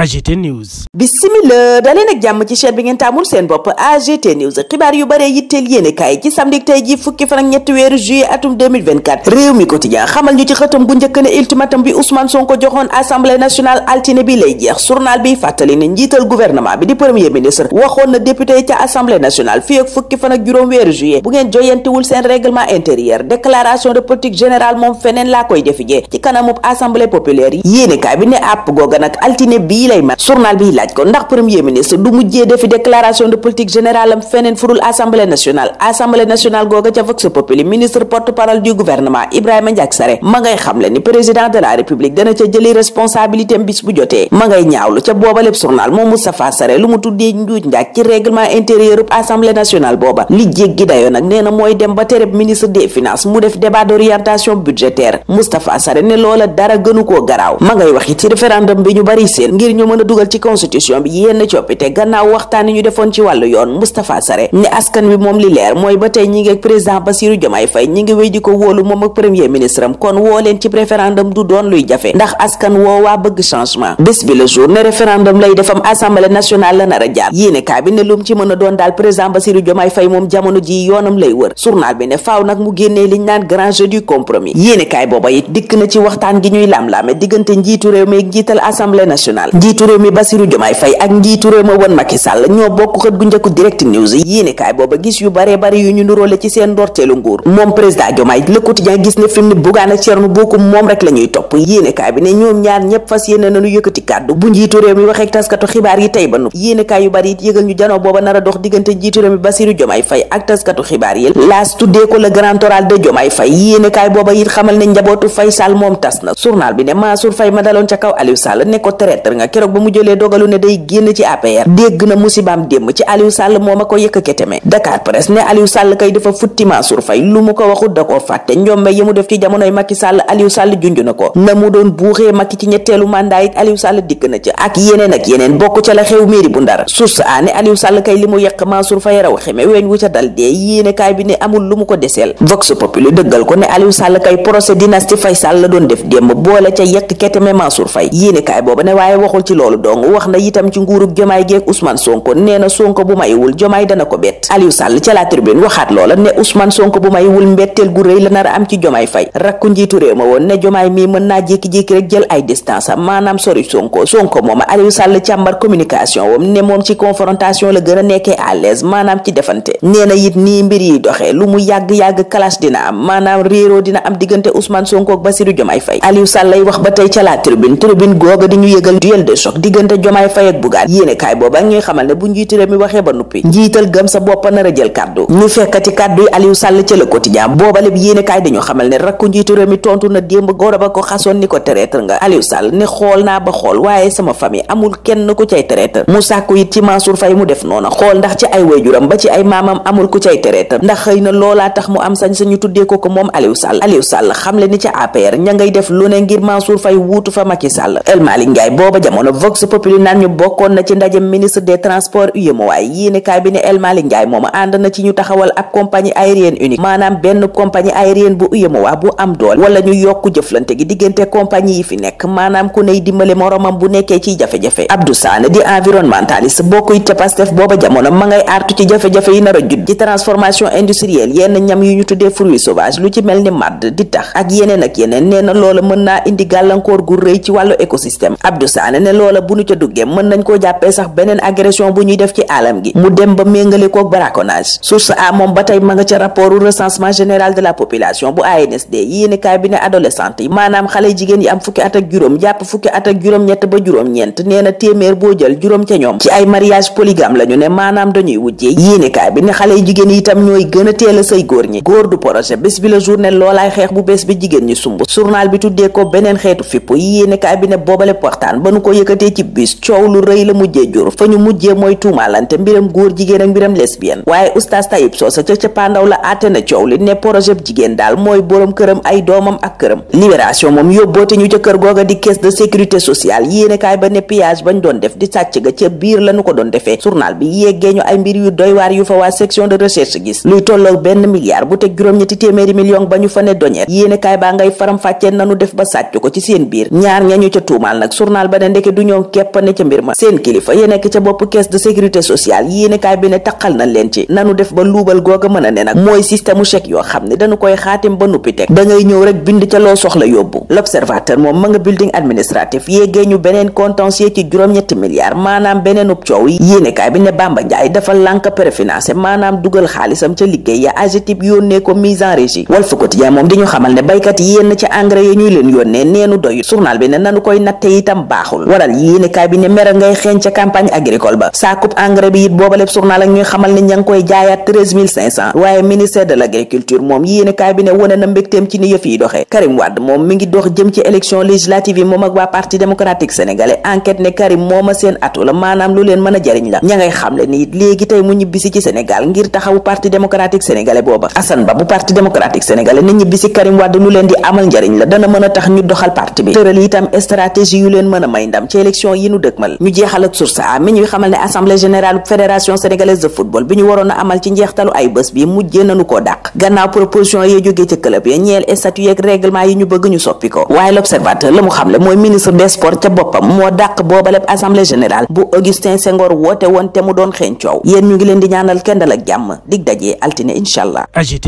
AGT News. bisimila daleen jàmm ci chaîne bi ngeen taamul seen bopp AGT News xibaar yu bare yitteel yéenekaay ci samedi tey ji fukki fan ak weeru juillet atum réew mi quotidien xamal ñu ci xëtam bu njëkk ne ultimatum bi Ousmane Sonko joxoon assemblée nationale altine bi lay jeex journal bi fàttali ne njiital gouvernement bi di premier ministre waxoon na député ca assemblée nationale fii fukki fan juróom weeru juillet bu ngeen joyantewul seen règlement intérieur lay mat journal bi laaj ko ndax premier ministre du mujjee defi déclaration de politique générale am feneen fudul assemblée nationale assemblée nationale googa ca vox populi ministre porte parole du gouvernement Ibrahima Ndiak Sare ma ngay xamle ni président de la république dana ca jëli responsabilité am bu jotee ma ngay ñaawlu ca booba lépp journal moom Moustapha Sare lu mu tuddee njuuj njaaj ci règlement intérieur ub assemblée nationale booba ñu mën a dugal ci constitution ne askan lay defam assemblée nationale la nar a jaar yéene kaa bi ne lum ci mën a doon daal président Bassirou Diomaye Faye moom jamono ji yoonam lay wër journal bi ne faaw nag mu génnee liñ naan grand jeu compromis yéene booba it dikk na ci waxtaan gi ñuy laam-laame diggante njiitu réew mi njiital assemblée nationale njiitu réew mi Bassirou Diomaye Faye ak njiitu réew ma woon Macky Sall ñoo bokk xët gu njëkku direct news yéene booba gis a xamal ne njabootu Faye Sall moom tas na journal bi ne Mansour Faye ma daloon ca kaw Aliou Sall ne ko traître nga keroog ba mu jëlee dogalu ne day génn ci APR dégg na musibaam démb ci Aliou Sall moo ma ko yëkk keteme Dakar Presse ne Aliou Sall kay dafa futti Mansour Faye lu mu ko waxut da koo fàtte ñoom yi mu def ci jamonoy Macky Sall Aliou Sall junj na ko na mu doon buuxee Macky ci ñetteelu mandat it Aliou Sall dikk na ci ak yeneen ak bokk ca la xew bu Ndar sus aane Aliou Sall kay li mu yàq Mansour Faye raw xeme weñ wu ca dal dee yéene kaay bi ne amul lu mu ko deseel Vox Populi dëggal ko ne Aliou Sall kay procès dynastie Faye Sall la doon def démb boole ca yàq keteme Mansour Faye yéene kaay booba ne waaye waxul yemul ci loolu dong wax na itam ci nguurug jomaay geeg Ousmane Sonko nee na Sonko bu mayiwul jomaay dana ko bett Aliou Sall ca waxaat loola ne Ousmane Sonko bu mayiwul mbetteel gu rëy a ma woon ne moom ci confrontation la gën a nekkee à l'aise maanaam ci defante nee na nii mbir yi doxee lu mu yàgg-yàgg clash dina am maanaam réeroo dina am diggante Ousmane Sonko ak Bassirou Diomaye Faye Aliou Sall lay wax ba tey ca la googa di ñu yëgal de choc diggante jomaay fay ak bugaan yéene kaay booba ñuy xamal ne bu njiitu réew mi waxee ba nuppi njiital gëm sa bopp nar a kàddu ñu fekkati kàddu yi Aliou Sall ni xool naa ba xool waaye sama famille amul kenn ku cay traître mu sàkku it ci Mansour Faye mu def noona xool ndax ci ay waajuram ba ci ay maamam amul ku cay traître ndax xëy na loolaa tax mu am sañ sañu tuddee ko ko moom Aliou Sall Aliou Sall xamle ni ca APR ña ngay def lu ne ngir Mansour Faye jamono vox populi naan ñu bokkoon na ci ndajem ministre des transports UEMOA yéenekaay ne El Malick Ndiaye moom ànd na ci ñu taxawal ab compagnie aérienne unique maanaam benn compagnie aérienne bu UEMOA bu am dool wala ñu yokku jëflante gi diggante compagnie yi fi nekk maanaam ku ney dimbale moromam bu nekkee ciy jafe-jafe Abdou Sane di environnementaliste bokku it ca booba jamono ma ngay artu ci jafe-jafe yi nar a jut ci transformation industrielle lu ci gu rëy ne loola bu nu ca duggee mën nañ koo jàppee sax beneen agression bu ñuy def ci alam gi mu dem ba méngale koog braconnage source a moom ba tey ma nga ca rapportu recensement général de la population bu ay ANSD yéenekaay bi ne adolescente yi maanaam xale jigéen yi am fukki at ak jàpp fukki at ak juróom-ñett juróom-ñeent nee téeméer boo jël juróom ca ñoom ci ay mariage polygame lañu ne maanaam dañuy wujjee yéenekaay bi ne xale jigéen yi itam ñooy gën a teel a say góor ñi góor du projet bés bi la journée loolaay xeex bu bés bi jigéen ñi sumb journal bi tuddee ko beneen xeetu fipp yéenekaay bi ne boobale waxtaan yëkkatee ci bis coow lu rëy la mujjee jur fa ñu mujjee mooy tuumaalante mbiram góor jigéen ak mbiram lesbienne waaye oustaz Tayib Socé ca cappaandaw la àtte na coow li ne projet bu jigéen daal mooy boroom këram ay doomam ak këram libération moom yóbboote ñu ca kër googa di caisse de sécurité sociale yéenekaay ba ne pillage bañ doon def di sàcc ga ca biir lañu ko doon defee journal bi yeggee ñu ay mbir yu doy waar yu fa waa section de recherche gis luy tolloog benn milliard bu teg juróom-ñetti million ba ñu fa ne doñeet yéenekaay baa ngay faram fàccee nanu def ba sàcc ko ci seen biir ñaar nekk du ñoom képp ne ca mbir ma seen kilifa yi nekk ca bopp caisse de sécurité sociale yéenekaay bi ne taqal nañ leen ci nanu def ba luubal googa mën a ne nag mooy système da ngay ñëw ma ne nanu koy natte itam baaxul waral yéenekaay bi ne mer ngay xeeñ ca campagne agricole ba saakub engrais bi it booba leen mën a xamle ni it léegi tey mu ñibbisi ci Sénégal ngir taxawu parti démocratique sénégalais booba Assane Ba bu parti démocratique sénégalais ne ñibbisi Karim Wade lu leen di amal njariñ la dana mën a tax ñu doxal parti bi tëral itam stratégie yu leen mën a may ndam ndam ci élection yi nu dëkmal ñu jeexal ak source a mi ñuy xamal ne assemblée générale fédération sénégalaise de football bi ñu waroon a amal ci njeextalu ay bés bi mujjee nañu koo dàq gannaaw proposition yee jógee ca club ya ñeel statut yeeg règlement yi ñu bëgg ñu soppi ko waaye l'observateur la mu xamle mooy ministre des sports ca boppam moo dàq boobaleb assemblée générale bu Augustin Senghor woote woon te mu doon xeeñ coow yéen ñu ngi leen di ñaanal kendal ak jàmm dig dajee altine incha allah AGT